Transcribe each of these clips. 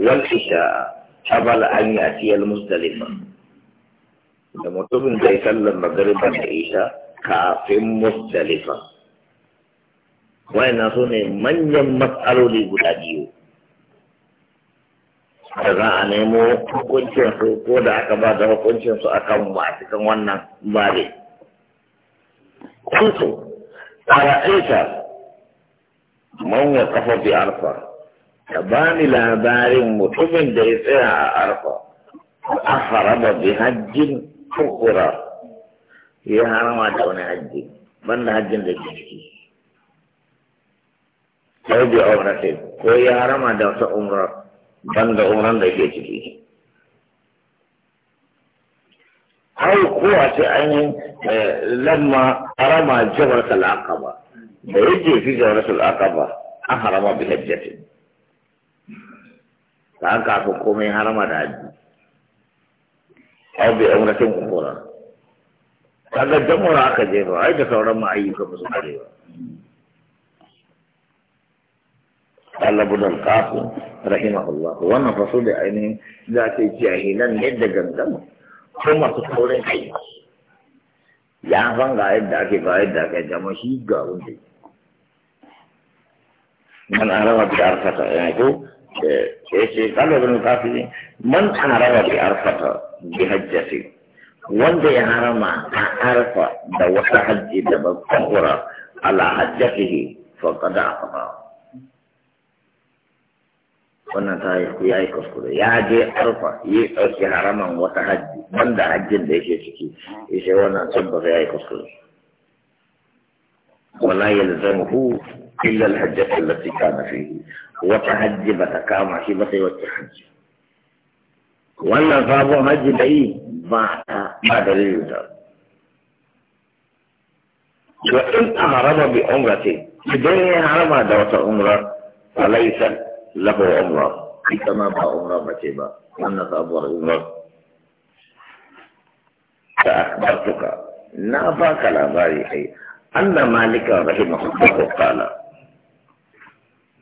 والعشاء قبل أن musdalifa المزدلفة mutumin zai sallar magariba da isha kafin musdalifa wayannan su ne manyan matsaloli guda biyu da za a nemo hukuncin su ko da aka ba da hukuncin su akan ba a cikin wannan bare kuntu a ra'aita man wa kafa bi alfa ka ba ni labarin mutumin da ya tsaya a arfa a haraba bi hajjin kukura ya harama da wani hajji banda hajjin da ke ciki sai bi umratin ko ya harama da wata umra banda umran da ke ciki Hau kowa ce ainihin eh, lamma harama jawar ba da yake fi jawar sal'aqaba an harama bi hajjatin ta kafin komai harama da haji au bai umratin kufura kaga jamura aka je ba ai da sauran ma'ayyuka ba su kare ba Allah budal kafu rahimahullah wannan faso da ainihin za ta yi jahilan yadda gangan ko masu saurin kai ya san ga yadda ake ga yadda ake jama shi ga wanda man arama bi arkata ya ko yace eh, eh, kala ibn kafiri man wanda ya harama a arfa da wata hajji da ba kura ala hajjatihi faqad aqama wannan ta yi kuskure ya je arfa yi ɗauki haraman wata hajji banda hajjin da yake ciki yace wannan tabbata yayi kuskure wala yalzamuhu إلا الحجة التي كان فيه وتحج بتكام عشبة والتحج ولا صابوا حج بأي ما ما دليل ذلك وإن أعرض بعمرة بدون أعرض دوت عمرة فليس له عمرة كما با عمرة بتيبا وإن صابوا عمرة فأخبرتك نافا باريحي أن مالك رحمه الله قال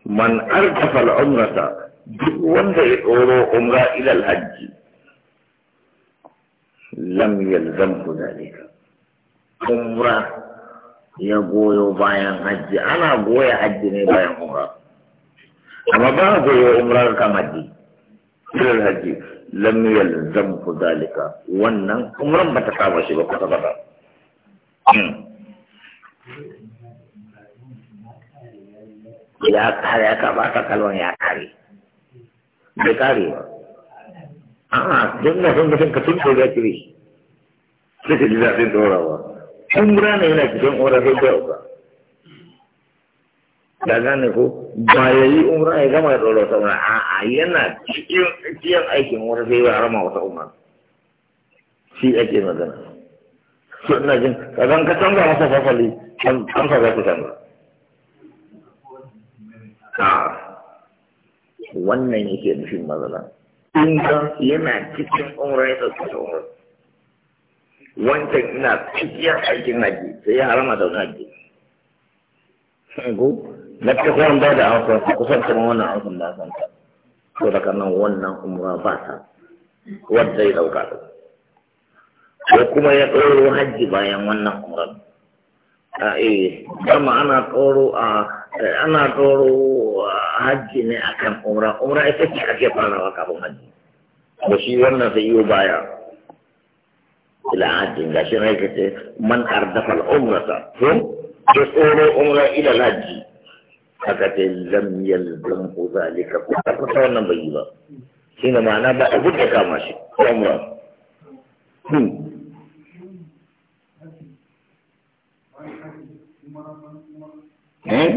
من أردف العمرة بقوان دعوه عمرة إلى الحج لم يلزمه ذلك عمرة يقول بيان حج أنا أقول حج بيان عمرة أما بعض عمرة كما دي إلى الحج لم يلزمه ذلك وأن عمرة ما تتعبش بكتبها 嗯。ya kare aka baka kalwan ya kare bai kare ba a'a don na san mutum ka tun ɗora kiri sai ka ji zafin ɗorawa an gura ne yana cikin ƙorar sai ta uka da gane ko ba ya yi umra ya gama ya ɗora wata umra a'a yana cikin cikin aikin umra sai ya rama wata umra shi ake magana sannan jin kagan ka canza masa fafali an fa za ku canza ka wannan yake nufin matsala in yana cikin umra ya ɗauki umra wancan ina cikin aikin haji sai ya harama da haji ko na cikin ba da hausa kusan kuma wannan hausa da san ta ko daga nan wannan umra ba ta wadda ya ɗauka ko kuma ya ɗauro haji bayan wannan umran Ah, eh dama ana tsoro a ah, eh, ana tsoro ah, hajji ne akan umra umra ita ce ake farawa kafin hajji ba shi wannan sai yiwu baya ila hajji ga shi ne kace man ardafa al'umra ta ko da tsoro umra ila hajji haka ce lam yalzam zalika ko ta fata wannan bai yi ba shine ma'ana ba a gudda kama shi umra hmm. eh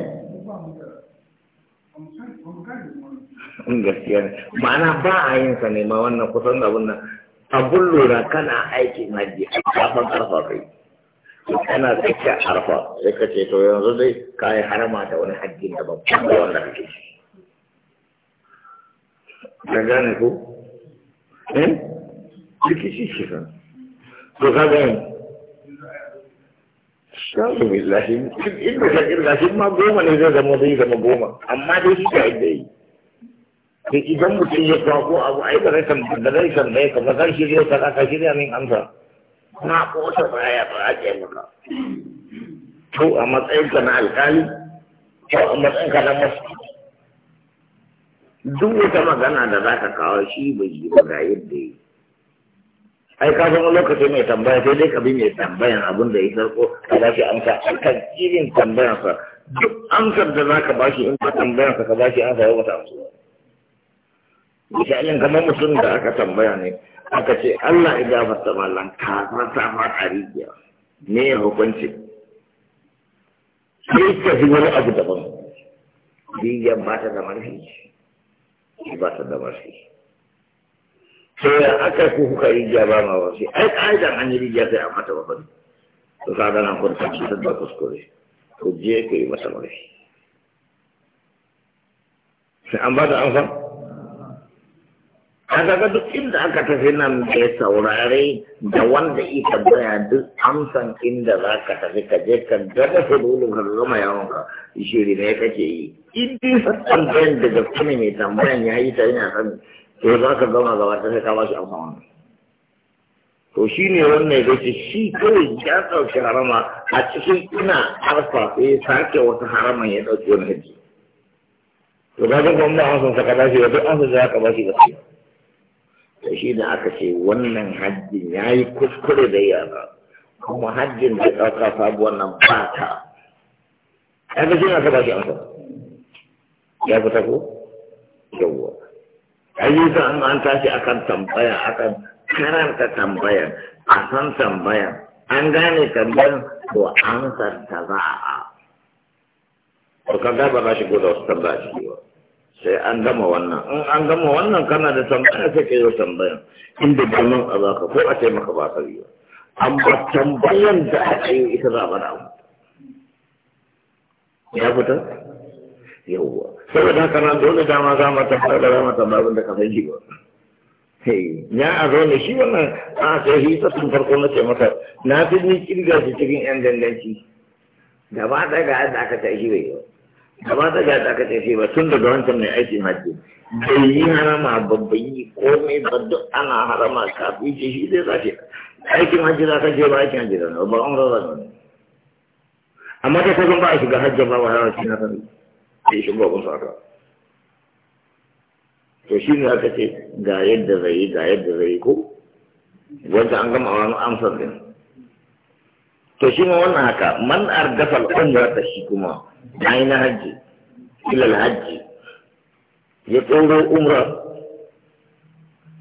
mm, gaskiya ma'ana ba a yin sa ne ma wannan kusan abun nan abun lura kana aikin hajji a kafin arfa kai kana tsakiyar arfa sai ka ce to yanzu dai ka yi harama da wani hajji da babban da wanda kake na gane ko eh rikici shi kan to ka gane shaɗu billahi in da ka shi ma goma ne zai zama zai zama goma amma dai shi ka inda yi da idan mutum ya ko abu ai ba zai tambaye da zai tambaye ka ba zai shirya ka ka shirya min amsa na kota baya ba a ce maka to a matsayin ka na alkali to a matsayin ka na masu duk wata magana da za ka kawo shi bai yi ba ga yadda yi ai ka zama lokaci mai tambaya sai dai ka bi mai tambayan abin da ya sarko ka ba shi amsa a kan irin sa duk amsar da za ka ba shi in ka sa ka ba shi amsa ya wata amsa misalin kamar mutum da aka tambaya ne aka ce Allah ya gafarta mallan ka ta ma rijiya ne ya hukunci sai ka fi wani abu daban biyan ba ta da marfi ba ta da marfi Sai ya aka ku kuka yi ja ba ma wasu ai ka'idan an yi rijiya sai a mata ba to ka gana kun ta cutar da kuskure ku je ku yi masa murfi sai an ba da amfan an ga duk inda aka tafi nan da ya saurare da wanda i tambaya duk amsan inda za ka tafi ka je ka gaba hudulun ka gama yawon ka shiri ne kake yi in dai tambayan daga gaske ne mai tambayan ya yi ta yana sami. to za ka zauna gaba ta sai ka ba shi amsa wannan to shi ne wannan ya ce shi kawai ya ɗauki harama a cikin ina arfa sai ya sake wata haraman ya ɗauki wani hajji to ga ga gwamna an san saka dashi duk an san za ka ba shi gaskiya to shi da aka ce wannan hajjin ya yi kuskure da yara kuma hajjin da ɗauka sabuwar nan ba ta ya ga shi na ka ba shi amsa ya fita ko yawwa ayyuka in an tashi akan tambaya akan karanta tambaya a san tambaya an gane tambayan to an ta za a to ka ba na shigo da wasu tambaya shi ba sai an gama wannan in an gama wannan kana da tambaya sai ka yi tambayan inda birnin a zaka ko a taimaka ba ka yi amma tambayan da aka yi ita za a bada ya fita yawwa saboda haka nan dole dama za mu tafi da rama ta babin da ka san shi ba ya a zo ne shi wannan a sai shi ta sun farko na ce maka na fi ni kirga shi cikin yan danganci gaba ta ga yadda aka ta shi bai gaba ta ga yadda aka ta shi ba tun daga wancan mai aikin hajji bai yi harama babban yi komai ba duk ana harama kafin shi shi zai zafi aikin hajji za ka je ba aikin hajji da ba an rarraba amma ta kazan ba a shiga hajji ba wa yawa shi na rarraba sai shi ba kusa ka to shi ne aka ce ga yadda zai yi ga yadda zai yi ko wanda an gama wani amsar din to shi ma wannan haka man ardafa al'umra ta shi kuma na yi na hajji ilal hajji ya tsoro umra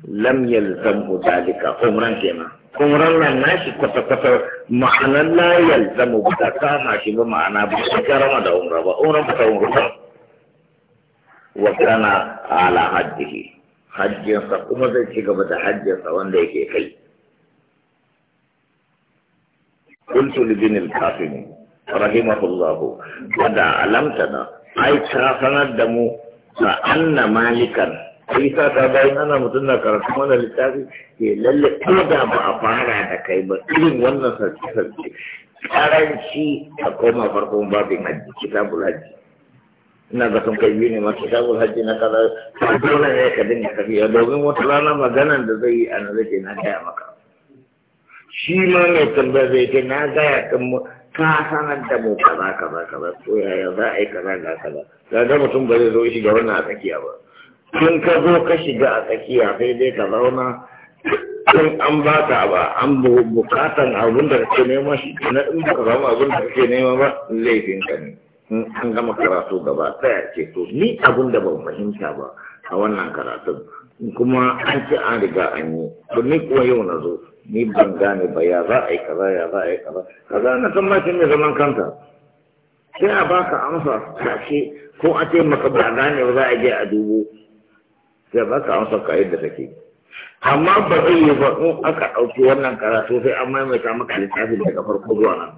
lam yalzamhu dalika umran kenan kuma rannan nashi kwata-kwata ma'anar layar zama ba ta kama shi ba ma'ana ba su karama da umra ba umra ba ta umra wa kana ala hajjihi hajjinsa kuma zai ci gaba da hajjinsa wanda yake kai kuntu libin al-kafini rahimahullahu kada alamtana ai ta sanar da mu sa'anna malikan kai sa ta bayan ana mutum na karatu mana littafi ke lalle ko da ba a fara da kai ba irin wannan sarki sarki karanci a koma farkon babin hajji kitabul hajji ina ga sun kai biyu ne ma kitabul hajji na kaza ta dole ne ka dinga tafiya domin wata rana maganan da zai yi a na zai na gaya maka shi ma mai tambaya zai ce na gaya kan ka sanar da mu kaza kaza kaza to yaya za a yi kaza ga kaza ga mutum ba zai zo shi ga wannan a tsakiya ba Kin ka zo ka shiga a tsakiya sai dai ka zauna in an ba ka ba an bukatan abin da kake nema shi na in ka zama abin da kake nema ba laifin ka ne in an gama karatu gaba ɗaya ce to ni abin da ban fahimta ba a wannan karatun kuma an ce an riga an yi to ni kuma yau na zo ni ban gane ba ya za a yi kaza ya za a yi kaza kaza na san ma shi mai zaman kanta sai a baka amsa ce ko a ce maka ba gane ba za a je a dubo sai ba ka amsa ka yadda take amma ba zai yi ba in aka ɗauki wannan karatu sai an maimaita maka littafi daga farko zuwa nan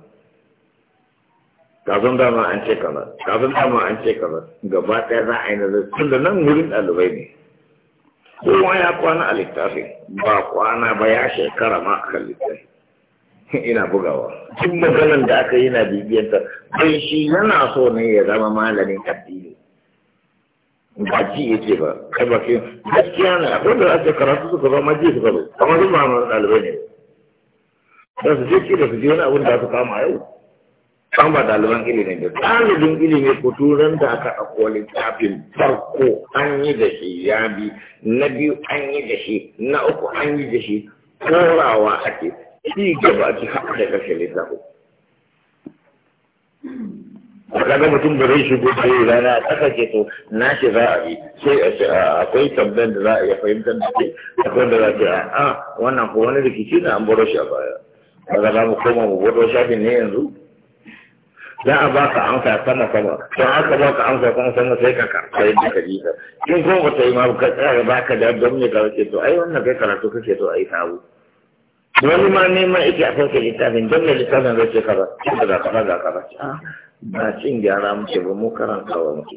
kafin dama an ce kaza kafin dama an ce kaza gaba ɗaya za a yi nazari tunda nan wurin ɗalibai ne kowa ya kwana a littafi ba kwana ba ya shekara ma a kan littafi ina bugawa duk maganin da aka yi na bibiyanta bai shi yana so ne ya zama malamin addini ba ji ce ba kai ba ke gaskiya ne akwai da ake karatu suka ba ma ji suka zo kamar su ba ɗalibai ne da su je ki da su je wani abin da su kama yau an ba ɗaliban ilimin da Dalibin ilimi ko turan da aka ɗauko littafin farko an yi da shi ya bi na biyu an yi da shi na uku an yi da shi korawa ake ci gaba ci haɗa da ƙarshen littafin kaga mutum ba zai shigo da yi rana a ƙasa ke to na ce za a yi sai a ce akwai tambayar da za a iya fahimtar da ke akwai da za a ce a wannan ko wani rikici na an baro shi a baya kaga za mu koma mu boro shafin ne yanzu za a baka amsa sama sama don aka baka amsa sama sama sai ka karɓa yadda ka ji ka in kuma ta yi ma ka tsaya ka da don ne ka ce to ai wannan kai karatu kake to ai sabu wani ma neman ita a sauke littafin don ne littafin zai ce kaza da kaza ka ba ba cin gyara muke ba mu karantawa muke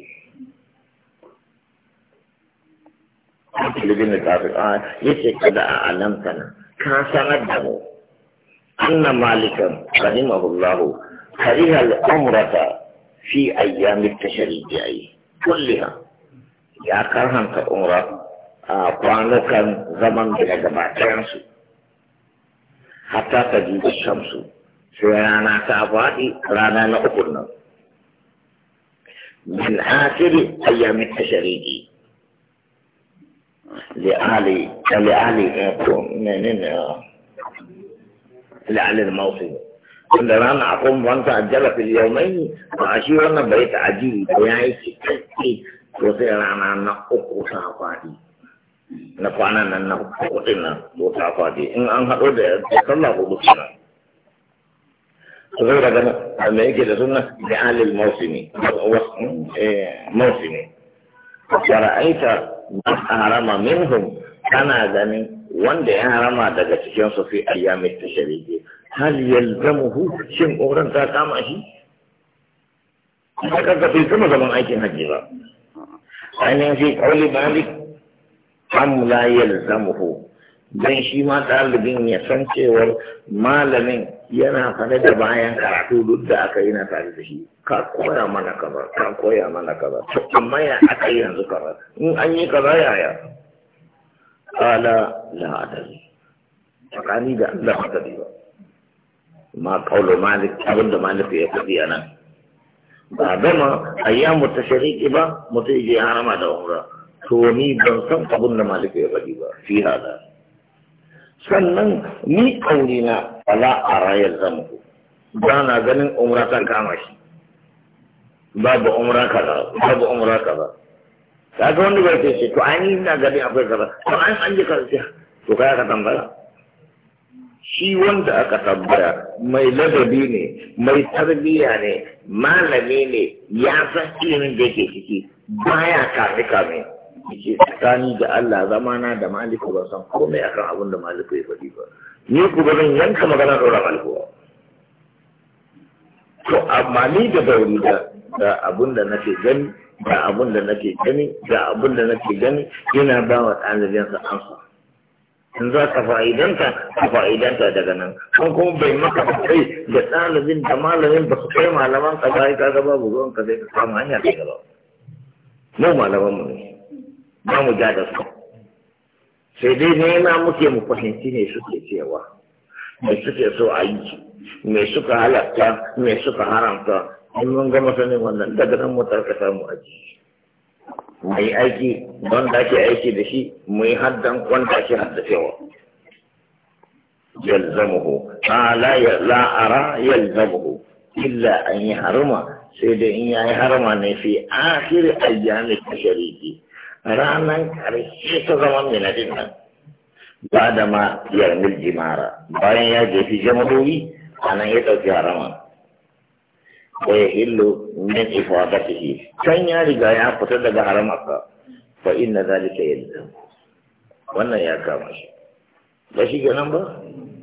Libin da tafi a yace kada a alamtana ka sanar da mu anna malikan rahimahullahu kariha al'umrata fi ayyamit tashri'i kulliha ya karhanta umra a kwanukan zaman da gabatayansu hatta ta jibi shamsu سيرانا نعتابادي رانا نقبرنا من آخر أيام الحشريدي لآلي لآلي نننن لآلي الموصي كنت رانا أقوم وانت أجل في اليومين وعشيرنا بيت عجيب بيعي سكتي وسيرانا نقبر صافادي نقبرنا نقبرنا وصافادي إن أنها تصلى بسنا تغير هذا لما يجي لسنة لأهل الموسم موسم فرأيت من أهرم منهم كان ذنب wanda ya harama daga cikin su fi ayyamin tashariki hal yalzamuhu shin umran ta kama shi haka ka bai kama zaman aikin hajji ba ainihin fi kauli malik am la yalzamuhu dan shi ma ɗalibin ya san cewar malamin yana sane da bayan karatu duk da aka yi na tare da shi ka koya mana kaza ka koya mana kaza to amma ya aka yi yanzu kaza in an yi kaza yaya ala la adali tsakani da Allah ba ta ba ma kaulo malik abin da malik ya faɗi a nan ba gama ayyamu tashriki ba mutum je harama da umra to ni ban san abin da malik ya faɗi ba fi hada sannan ni kaulina rayar zama ku ba na ganin umra ta kama shi babu umra kaza babu umra kaza ga wanda bai ce shi to an yi na gani akwai kaza to an an ji kaza to kai aka tambaya shi wanda aka tambaya mai ladabi ne mai tarbiyya ne malami ne ya san ilimin da yake ciki baya kame kame yake tsakani da Allah zamana da maliku ba san komai akan abin da maliku ya faɗi ba ni ku ba zan yanka magana ɗora maliku ba to amma ni da bauri da da abin da nake gani da abin da nake gani da abin da nake gani yana ba wa ɗalibinsa amsa in za ka fa'idanta ka fa'idanta daga nan kan kuma bai maka kai da ɗalibin da malamin ba su kai malaman ka ba ka ga babu ruwan ka zai ka samu hanya ta ba. mu malaman mu ne ba mu ja da su sai dai ma muke mu fahimci ne suke cewa me suke so a yi me suka halatta me suka haramta in mun gama sanin wannan daga nan mu tarkata mu aji mu yi aiki don da ake aiki da shi mu yi haddan wanda ake haddacewa يلزمه ما لا لا أرى يلزمه إلا أن يحرم سيد إن ne fi akhir أيام التشريك ranar karshe ta zaman minadin nan ba da ma yarmil jimara bayan ya fi jamadoyi a nan ya ɗauki harama ko ya illo min ifadatihi can ya riga ya fita daga haramarsa fa inna zalika yalzam wannan ya kama shi ba shi nan ba